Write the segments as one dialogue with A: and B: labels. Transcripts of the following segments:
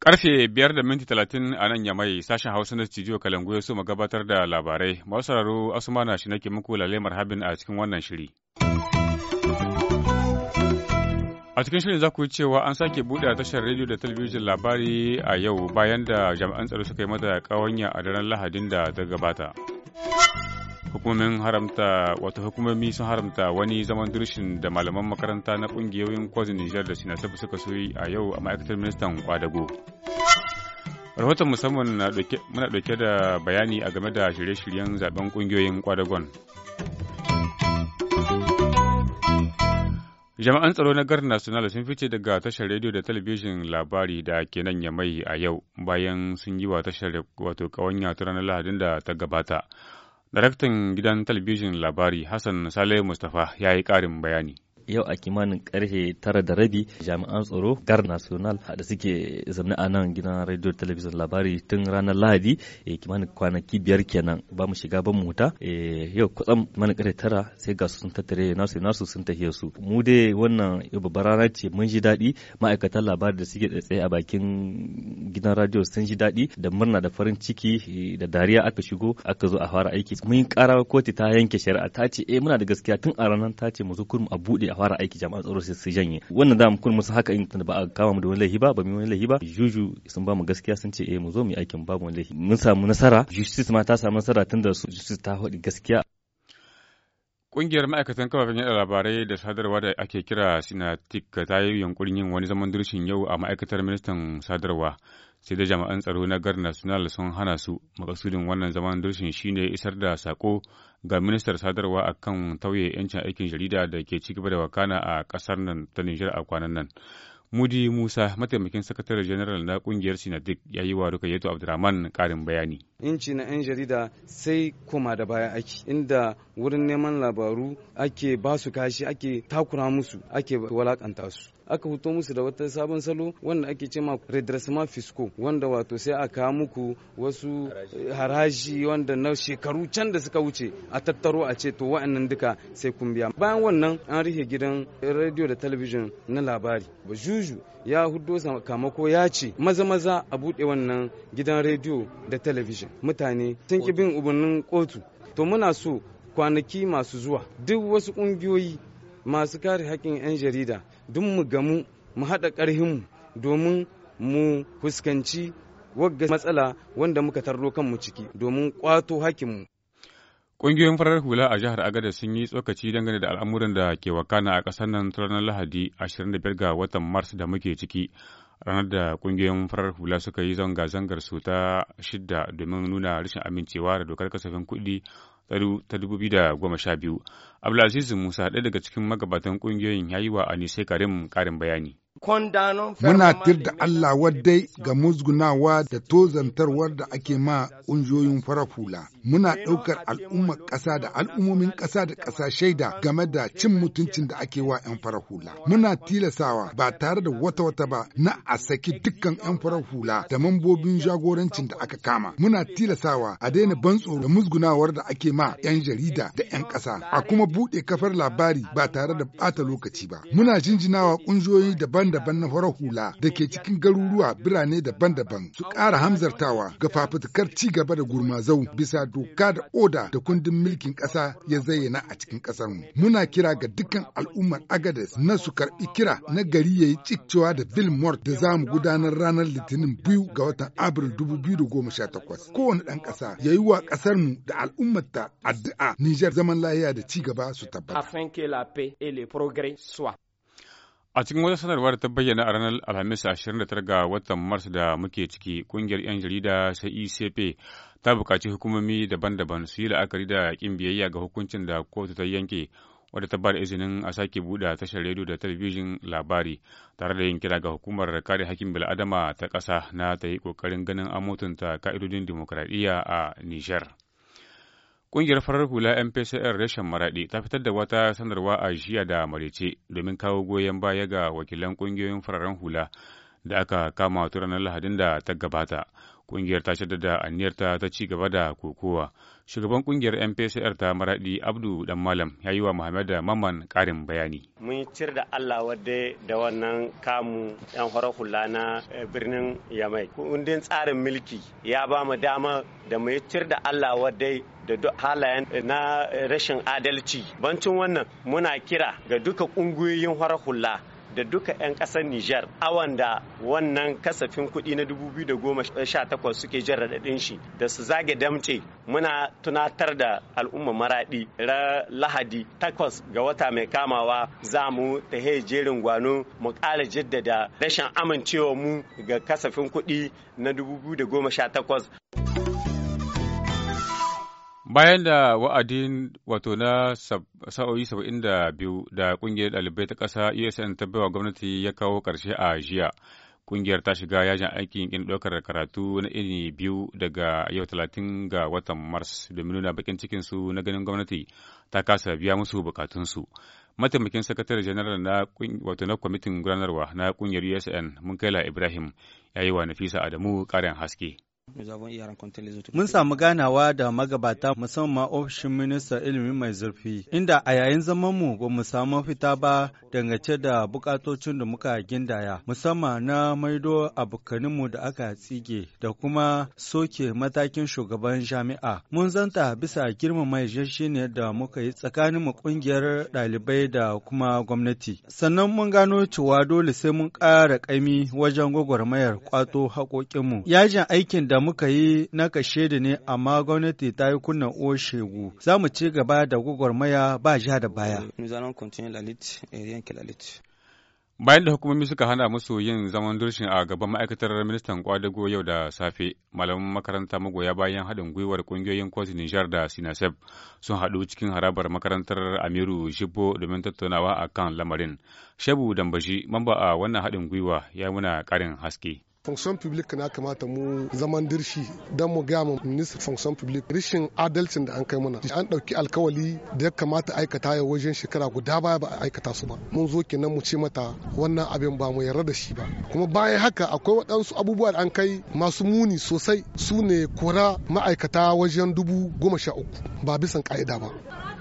A: Karfe biyar da minti talatin a nan ya yamai sashen Hausa na studio Kalangu ya so gabatar da labarai. Masu sauraro Asuma na shi nake muku lalemar habin a cikin wannan shiri. A cikin shirin za ku cewa an sake buɗe tashar rediyo da talabijin labari a yau bayan da jami'an tsaro suka yi mata kawanya a daren Lahadin da ta gabata. Hukumomin haramta wato hukumomi sun haramta wani zaman durushin da malaman makaranta na ƙungiyoyin kwazin Nijar da Sinasaf suka soyi a yau a ma'aikatar ministan Kwadago. Rahoton musamman muna ɗauke da bayani a game da shirye-shiryen zaben ƙungiyoyin Kwadagon. Jami'an tsaro na garin National sun fice daga tashar rediyo da talabijin labari da ke nan ya mai a yau bayan sun yi wa tashar wato kawanya yatura na Lahadin da ta gabata. Daraktan gidan talabijin labari Hassan Sale Mustapha ya yi karin bayani. yau a kimanin karfe
B: tara da rabi jami'an tsaro gar national da suke zamna a nan gidan radio television labari tun ranar lahadi e, kimanin kwanaki biyar kenan ba mu shiga ban muta e, eh, yau kusan kimanin karfe tara sai ga sun tattare nasu nasu sun tafiye su mu dai wannan babbar rana ce mun ji daɗi ma'aikatan labari da suke tsaye a bakin gidan radio sun ji daɗi da murna da farin ciki eh, da dariya aka shigo aka zo a fara aiki mun yi kara kotu ta yanke shari'a ta ce eh muna da gaskiya tun a ranar ta ce mu zo kurmu a buɗe a fara aiki jami'an tsaro sai su janye wannan da kun musu haka in ba a kama mu da wani laifi ba ba mu wani laifi ba juju sun ba mu gaskiya sun ce eh mu zo mu yi aikin babu wani laifi mun samu nasara justice ma ta samu nasara tunda su justice ta hodi gaskiya
A: Ƙungiyar ma'aikatan kafafen yada labarai da sadarwa da ake kira Sinatik ta yi yunkurin yin wani zaman dirshin yau a ma'aikatar ministan sadarwa sai da jami'an tsaro na gar national sun hana su makasudin wannan zaman dirshin shine isar da sako ga ministar sadarwa a kan tauye 'yancin aikin jarida da ke ci gaba da wakana a ƙasar nan ta Nijar a kwanan nan. Mudi Musa, mataimakin sakataren janaral na kungiyar Sinadik, ya yi wa Rukayetu Abdurrahman karin bayani.
C: Inci na 'yan jarida sai koma da baya ake, inda wurin neman labaru ake basu kashi ake takura musu ake walakanta su. aka fito musu da wata sabon salo wanda ake ce ma redressement fisco wanda wato sai a kawo muku wasu haraji wanda na shekaru can da suka wuce a tattaro a ce to wa'annan duka sai kun biya bayan wannan an rike gidan radio da television na labari ba juju ya hudo kamako ya ce maza maza a buɗe wannan gidan rediyo da television mutane tun ki bin kotu to muna so kwanaki masu zuwa duk wasu ƙungiyoyi masu kare haƙƙin 'yan jarida duk mu gamu mu haɗa ƙarhinmu domin mu fuskanci wagga matsala wanda muka tarro kanmu ciki domin ƙwato hakinmu.
A: Ƙungiyoyin farar hula a jihar Agada sun yi tsokaci dangane da al'amuran da ke wakana a ƙasar nan ta ranar Lahadi 25 ga watan Mars da muke ciki, ranar da ƙungiyoyin farar hula suka yi zanga-zangar su ta shidda domin nuna rashin amincewa da dokar kasafin kuɗi ta 2012. Abdulaziz Musa ɗaya daga cikin magabatan ƙungiyoyin ya yi wa Anise Karim ƙarin
D: bayani.
C: Muna
D: tir da Allah waddai ga musgunawa da tozantarwar da ake ma ƙungiyoyin fara hula. Muna ɗaukar al'ummar ƙasa da al'ummomin ƙasa da ƙasa shaida game da cin mutuncin da ake wa 'yan fara hula. Muna tilasawa ba tare da wata wata ba na a saki dukkan 'yan fara hula da mambobin jagorancin da aka kama. Muna tilasawa a daina ban tsoro da musgunawar da ake ma ma 'yan jarida da 'yan ƙasa a kuma buɗe kafar labari ba tare da ɓata lokaci ba. Muna jinjinawa ƙungiyoyi daban-daban na farar hula da ke cikin garuruwa birane daban-daban su ƙara hamzartawa ga fafutukar ci gaba da gurmazau bisa doka da oda da kundin mulkin ƙasa ya zayyana a cikin mu Muna kira ga dukkan al'ummar Agades na su karɓi kira na gari yayi yi cikcewa da Bill da za mu gudanar ranar Litinin biyu ga watan Abril 2018. Kowane ɗan ƙasa ya yi wa ƙasarmu da al'ummarta da addu'a Niger zaman lahiya da ci gaba su tabbata. A cikin wata
A: sanarwar ta bayyana a ranar Alhamis 29 ga watan Mars da muke ciki, kungiyar 'yan jarida ta ICP e ta bukaci hukumomi daban-daban su yi la'akari da yakin biyayya ga hukuncin da kotu ta yanke wadda ta bada izinin a sake buɗe tashar rediyo da talabijin labari tare da yin kira ga hukumar kare hakkin bil'adama ta ƙasa na ta yi ƙoƙarin ganin mutunta ka'idodin dimokuraɗiyya a Nijar. Ƙungiyar farar hula MPCR reshen Maraɗi ta fitar da wata sanarwa a jiya da marece domin kawo goyon baya ga wakilan ƙungiyoyin fararen hula da aka kama ta ranar Lahadin da ta gabata. Kungiyar ta shaddada aniyarta ta ci gaba da kokowa. Shugaban kungiyar MPCR ta Maradi Abdu Dan Malam ya yi wa Muhammad mamman karin bayani. Mun cir da Allah wadda da wannan kamu yan horar hula na eh, birnin Yamai. Kundin tsarin mulki ya ba mu dama da mu cir da Allah wadda da halayen eh, na eh, rashin adalci. Bancin wannan muna kira ga duka ƙungiyoyin horar hula da duka 'yan ƙasar Nijar awan da wannan kasafin kuɗi na 2018 suke jin raɗaɗin shi da su zage damce muna tunatar da al'umma maraɗi ra lahadi takwas ga wata mai kamawa za mu ta jerin gwano mu ƙara jaddada rashin amincewa mu ga kasafin kuɗi na 2018 Bayan da wa'adin wato na sa'o'i saba'in da biyu da ƙungiyar dalibai ta ƙasa USN e ta baiwa gwamnati ya kawo karshe a jiya. Ƙungiyar ta shiga yajin aikin ƙin ɗaukar karatu na ini biyu daga yau talatin ga watan Mars domin nuna baƙin cikinsu na ganin gwamnati ta kasa biya musu bukatunsu. mataimakin sakatare janar na wato na kwamitin gudanarwa na kungiyar usn e munkaila ibrahim ya yi wa nafisa adamu ƙarin haske
B: Mun samu ganawa da magabata musamman ofishin ministan ilimi mai zurfi, inda a yayin zamanmu ba mu samu fita ba dangace da bukatocin da muka gindaya, musamman na maido abokaninmu da aka tsige da kuma soke matakin shugaban jami'a. Mun zanta bisa girma girmama ne da muka yi tsakaninmu kungiyar ɗalibai da kuma gwamnati. Sannan mun gano cewa dole sai mun ƙara ƙaimi wajen gwagwarmayar ƙwato haƙoƙinmu. Yajin aikin da muka yi na da ne amma gwamnati ta yi kunna oshegu Za mu ci gaba da
C: gwagwarmaya ba ja da baya.
A: Bayan da hukumomi suka hana musu yin zaman dulshin a gaban ma'aikatar ministan kwadago yau da safe, malaman makaranta magoya bayan haɗin gwiwar kungiyoyin kwasi Nijar da Sinasef sun haɗu cikin harabar makarantar Amiru Shibbo domin tattaunawa a kan lamarin. Shebu Dambashi, mamba a wannan haɗin gwiwa, ya muna karin haske.
E: fonction publique na kamata mu zaman dirshi don mu gaya ma minista fonction publique rishin adalcin da an kai mana an ɗauki alkawali da ya kamata aikata ya wajen shekara guda baya ba a aikata su ba mun zo kenan mu ce mata wannan abin ba mu yarda da shi ba kuma bayan haka akwai waɗansu abubuwa da an kai masu muni sosai su ne kora ma'aikata wajen dubu goma sha uku ba bisan ka'ida ba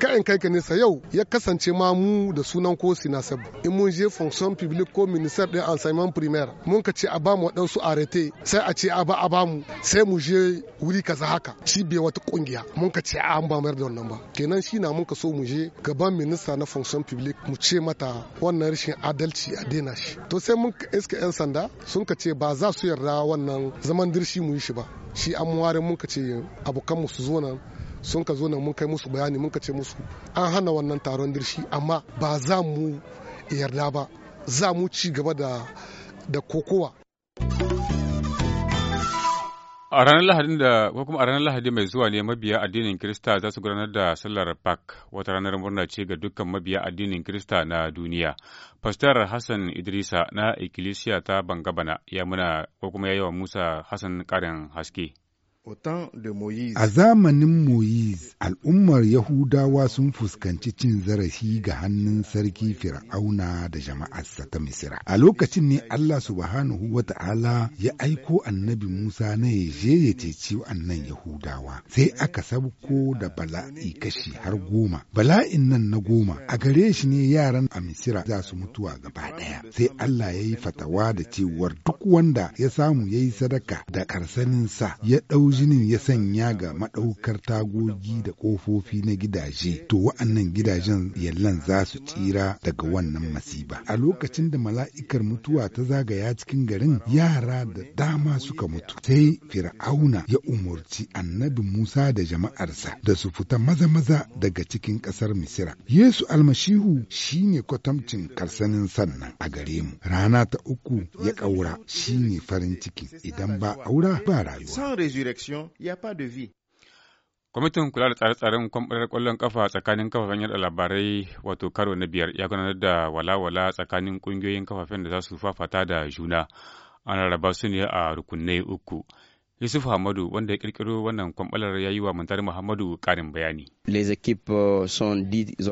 E: kayan kai ka sa yau ya kasance ma mu da sunan ko sinasabu in mun je fonction public ko minister din enseignement primaire mun ka ce a ba mu waɗansu arete sai a ce a ba a ba mu sai mu je wuri kaza haka shi bai wata kungiya mun ka ce a an ba mayar da wannan ba kenan shi na mun ka so mu je gaban minista na fonction public mu ce mata wannan rashin adalci a daina shi to sai mun iska yan sanda sun ka ce ba za su yarda wannan zaman dirshi mu yi shi ba shi an ware mun ka ce abokan mu su zo nan sun ka zo na mun kai musu bayani mun ka ce musu an hana wannan taron dirshi amma ba za mu yarda ba za mu ci gaba da da kokowa
A: a ranar lahadin da ko kuma a ranar lahadi mai zuwa ne mabiya addinin kirista za su gudanar da sallar pak wata ranar murna ce ga dukkan mabiya addinin kirista na duniya pastor hassan idrisa na ikkilisiya ta bangabana ya muna ko kuma ya yi wa musa hassan karin haske
D: A zamanin Moyiz, al'ummar Yahudawa sun fuskanci cin zarafi ga hannun sarki Fir'auna da jama'arsa ta Misira. A lokacin ne Allah subhanahu wa ta'ala ya aiko annabi Musa na je ya ceci annan Yahudawa, sai aka sabko da bala'i kashi har goma. Bala'in nan na goma, a gare shi ne yaran a Misira za su mutuwa gaba ɗaya. Sai Allah ya yi fatawa da cewar duk wanda ya samu ya yi sadaka da karsaninsa ya ɗau jinin ya sanya ga maɗaukar tagogi da ƙofofi na gidaje to wa'annan gidajen yallan za su tsira daga wannan masiba a lokacin da mala'ikar mutuwa ta zagaya cikin garin yara da dama suka mutu sai fir'auna ya umarci annabi musa da jama'arsa da su fita maza-maza daga cikin ƙasar misira yesu almashihu shine kwatamcin karsanin sannan a gare mu rana ta uku ya ƙaura shine farin ciki idan ba aura ba rayuwa il n'y a pas de vie.
A: Kwamitin kula da tsare-tsaren kwamfanar kwallon kafa tsakanin kafafen yada labarai wato karo na biyar ya gudanar da walawala tsakanin kungiyoyin kafafen da za su fafata da juna an raba su ne a rukunai uku. Yusuf Hamadu wanda ya kirkiro wannan kwamfalar ya yi wa Muntari Muhammadu karin bayani.
D: Euh,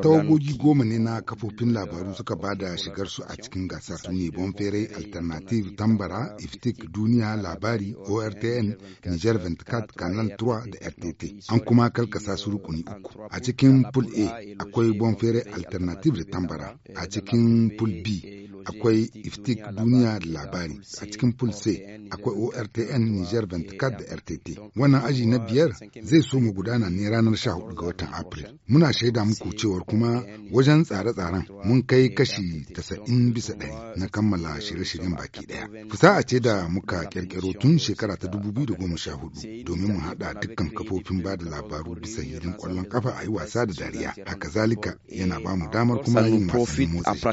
D: Tawagogi goma ne na kafofin labaru suka ba da shigarsu a cikin gasar su ne Bonfere Alternative Tambara, Iftik Duniya Labari, ORTN, Niger 24, Canal 3 da RTT. An kuma kalkasa su rukuni uku. A cikin Pool A akwai Bonfere Alternative da Tambara, a cikin Pool B akwai iftik duniya da labari a cikin pool c akwai ortn niger 24 da rtt wannan aji na biyar zai so mu gudana ne ranar 14 ga watan Afril. Muna shaida muku cewar kuma e e. wajen tsare-tsaren mun kai kashi 90 e bisa ɗari na kammala shirye-shiryen baki ɗaya. a ce da muka ƙirƙiro tun shekara ta dubu biyu da goma sha hudu domin mu haɗa dukkan kafofin ba da labaru bisa yirin ƙwallon kafa a yi wasa da dariya. Haka zalika yana ba mu damar kuma yin wasannin motsa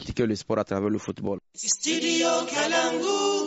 C: Studio
B: Kalangu.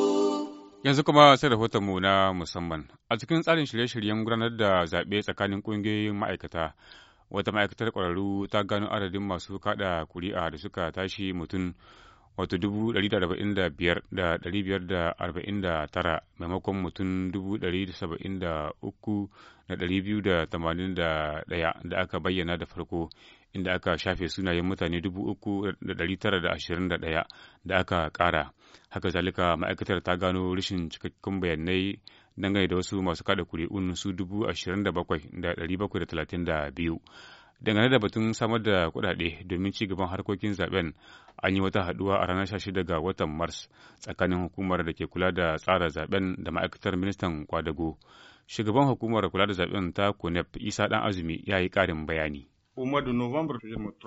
A: Yanzu kuma sai rahoton mu na musamman. A cikin tsarin shirye-shiryen gudanar da zaɓe tsakanin ƙungiyoyin ma'aikata, wata ma'aikatar ƙwararru ta gano adadin masu kaɗa kuri'a da suka tashi mutum wato dubu ɗari da arba'in da biyar da ɗari biyar da arba'in da tara maimakon mutum dubu ɗari da saba'in da uku da ɗari biyu da tamanin da ɗaya da aka bayyana da farko inda aka shafe sunayen mutane dubu uku da ɗari tara da ashirin da ɗaya da aka ƙara. haka zalika ma'aikatar ta gano rashin cikakken bayanai dangane da wasu masu kada kuri'un su dubu ashirin da bakwai da ɗari bakwai da talatin da biyu dangane da batun samar da kuɗaɗe domin ci gaban harkokin zaben an yi wata haɗuwa a ranar 16 ga watan mars tsakanin hukumar da ke kula da tsara zaben da ma'aikatar ministan kwadago shugaban hukumar kula da zaben ta konep isa dan azumi ya yi ƙarin bayani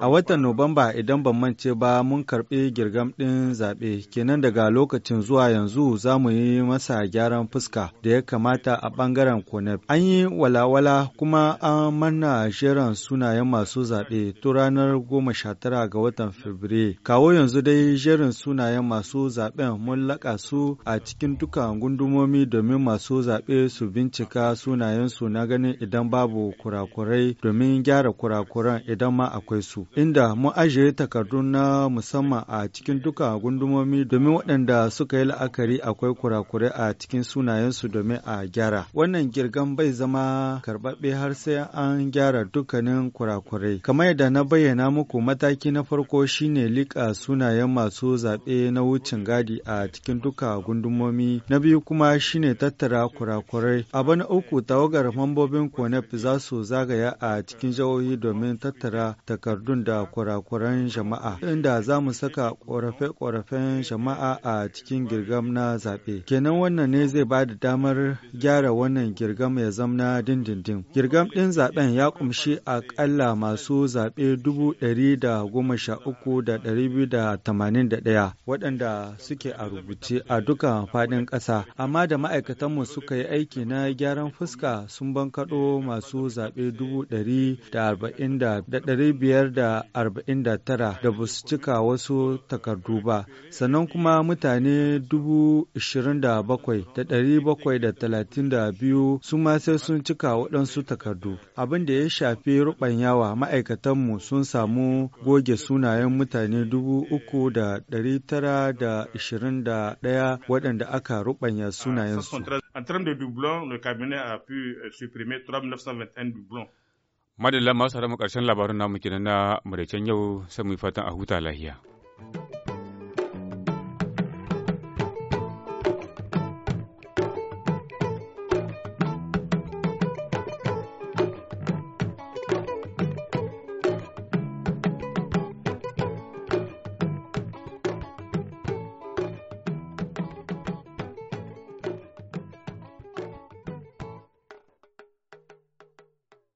B: A watan Nuwamba idan ban mance ba mun karɓi girgam ɗin zaɓe, kenan daga lokacin zuwa yanzu za mu yi masa gyaran fuska da ya kamata a ɓangaren Koneb. An yi walawala kuma an manna shirin sunayen masu zaɓe tun ranar goma sha tara ga watan Fabrairu. Kawo yanzu dai jerin sunayen masu zaɓen mun laƙa su a cikin dukkan gundumomi domin masu zaɓe su bincika sunayensu na ganin idan babu kurakurai domin gyara kurakurai. Kuran idan ma akwai su inda mu ajiye takardu na musamman a cikin duka gundumomi domin waɗanda suka yi la'akari akwai kurakurai a cikin sunayensu domin a gyara wannan girgan bai zama karɓaɓɓe har sai an gyara dukkanin kurakurai kamar yadda na bayyana muku mataki na farko shine liƙa sunayen masu zaɓe na wucin gadi a cikin duka gundumomi na biyu kuma shine tattara kurakurai A na uku tawagar mambobin konef za su zagaya a cikin jihohi domin domin tattara takardun da kurakuran jama'a inda za mu saka ƙorafe-ƙorafen jama'a a cikin girgam na zaɓe. Kenan wannan ne zai ba da damar gyara wannan girgam ya zamna dindindin. Girgam ɗin zaɓen ya ƙumshi aƙalla masu zaɓe dubu ɗari da goma sha uku da ɗari biyu da tamanin da ɗaya waɗanda suke a rubuce a duka faɗin ƙasa. Amma da ma'aikatanmu suka yi aiki na gyaran fuska sun bankaɗo masu zaɓe dubu ɗari da arba'in da biyar da arba'in da tara da ba su cika wasu takardu ba sannan kuma mutane dubu ishirin da bakwai da dari bakwai da talatin da biyu su ma sai sun cika waɗansu takardu abin da ya shafi ruɓanyawa ma'aikatanmu sun samu goge sunayen mutane dubu uku da dari tara da ishirin da ɗaya waɗanda aka ruɓanya
A: sunayensu. En termes de doublons, le cabinet a pu supprimer 3921 doublons. madalla masu mu karshen labarun namu kenan na maraicen yau sai mu fatan a huta lahiya